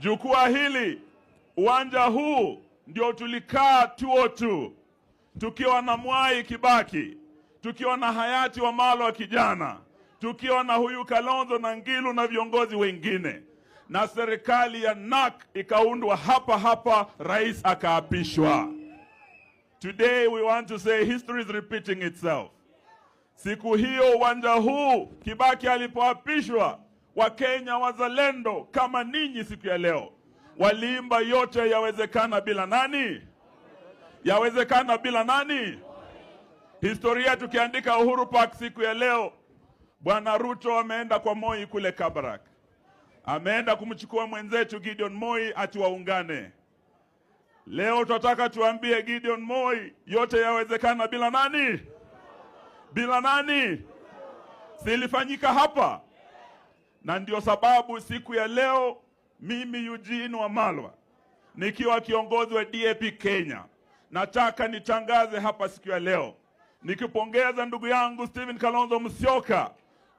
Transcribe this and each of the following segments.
Jukwaa hili, uwanja huu ndio tulikaa tuo tu, tukiwa na Mwai Kibaki, tukiwa na hayati wa malo wa kijana, tukiwa na huyu Kalonzo na Ngilu na viongozi wengine, na serikali ya NAK ikaundwa hapa hapa, rais akaapishwa. Today we want to say history is repeating itself. Siku hiyo uwanja huu Kibaki alipoapishwa Wakenya wazalendo kama ninyi siku ya leo waliimba yote yawezekana bila nani? Yawezekana bila nani? Historia tukiandika Uhuru Park siku ya leo, Bwana Ruto ameenda kwa Moi kule Kabarak, ameenda kumchukua mwenzetu Gideon Moi ati waungane. Leo tutataka tuambie Gideon Moi, yote yawezekana bila nani? Bila nani? Silifanyika hapa na ndio sababu siku ya leo mimi Eugene Wamalwa nikiwa kiongozi wa DAP Kenya nataka nitangaze hapa siku ya leo nikipongeza ndugu yangu Steven Kalonzo Musyoka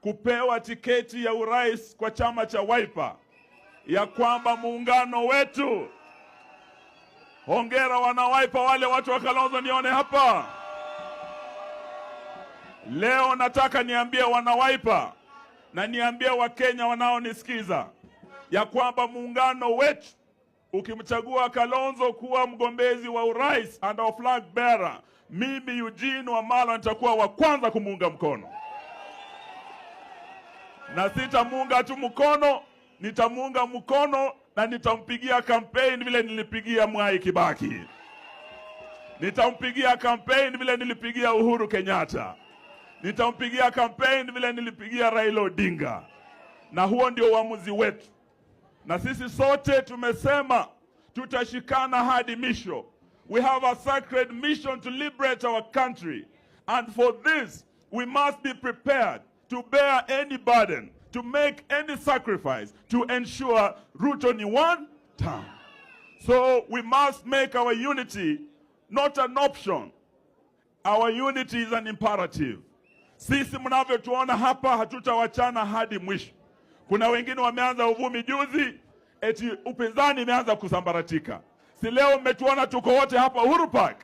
kupewa tiketi ya urais kwa chama cha Wiper, ya kwamba muungano wetu. Hongera wana Wiper, wale watu wa Kalonzo nione hapa leo. Nataka niambie wana Wiper na niambie Wakenya wanaonisikiza ya kwamba muungano wetu ukimchagua Kalonzo kuwa mgombezi wa urais and our flag bearer, mimi Eugene Wamalwa nitakuwa wa kwanza kumuunga mkono, na sitamuunga tu mkono, nitamuunga mkono na nitampigia kampeni vile nilipigia Mwai Kibaki, nitampigia kampeni vile nilipigia Uhuru Kenyatta. Nitampigia kampeni vile nilipigia Raila Odinga, na huo ndio uamuzi wetu, na sisi sote tumesema tutashikana hadi misho. We have a sacred mission to liberate our country and for this we must be prepared to bear any burden, to make any sacrifice to ensure Ruto ni one term. So we must make our unity not an option. Our unity is an imperative. Sisi mnavyotuona hapa hatutawachana hadi mwisho. Kuna wengine wameanza uvumi juzi, eti upinzani imeanza kusambaratika. Si leo mmetuona tuko wote hapa Uhuru Park.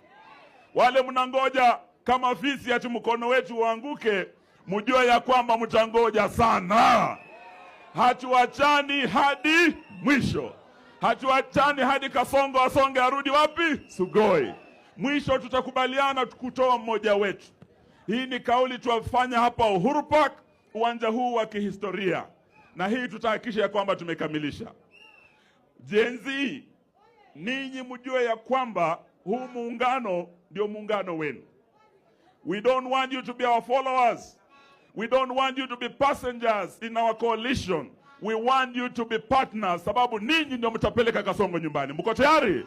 Wale mnangoja kama fisi ati mkono wetu uanguke, mjue ya kwamba mtangoja sana. Hatuachani hadi mwisho, hatuachani hadi Kasongo asonge arudi wapi Sugoi. Mwisho tutakubaliana kutoa mmoja wetu. Hii ni kauli tuwafanya hapa Uhuru Park, uwanja huu wa kihistoria, na hii tutahakikisha ya kwamba tumekamilisha. Gen Z, ninyi mjue ya kwamba huu muungano ndio muungano wenu. We don't want you to be our followers. We don't want you to be passengers in our coalition. We want you to be partners, sababu ninyi ndio mtapeleka Kasongo nyumbani. Mko tayari?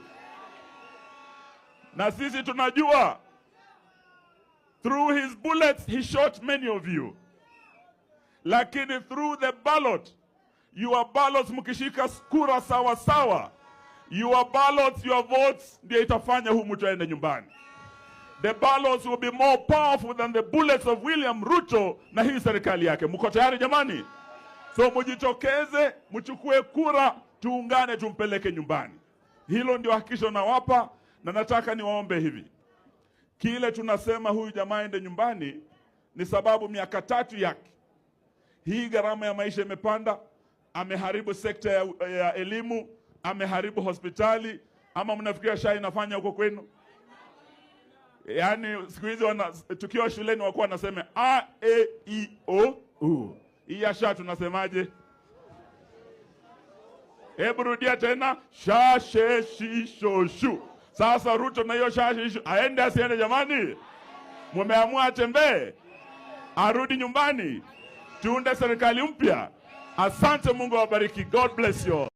Na sisi tunajua Through his bullets, he shot many of you. Lakini through the ballot, your ballots mukishika kura sawa sawa, your ballots, your votes ndio itafanya hu mtu nyumbani. The ballots will be more powerful than the bullets of William Ruto na hii serikali yake. Mko tayari jamani? So mujitokeze, mchukue kura, tuungane tumpeleke nyumbani. Hilo ndio hakikisho nawapa, na nataka niwaombe hivi Kile tunasema huyu jamaa ende nyumbani ni sababu miaka tatu yake, hii gharama ya maisha imepanda, ameharibu sekta ya, ya elimu, ameharibu hospitali. Ama mnafikiria sha inafanya huko kwenu? Yaani siku hizi tukiwa shuleni wakuwa wanasema a e i o u. Hii ya sha tunasemaje? Hebu rudia tena, sha she shi sho shu sasa Ruto na hiyo shashi aende asiende? Jamani, mumeamua atembee, arudi nyumbani, tuunde serikali mpya. Asante, Mungu awabariki. God bless you.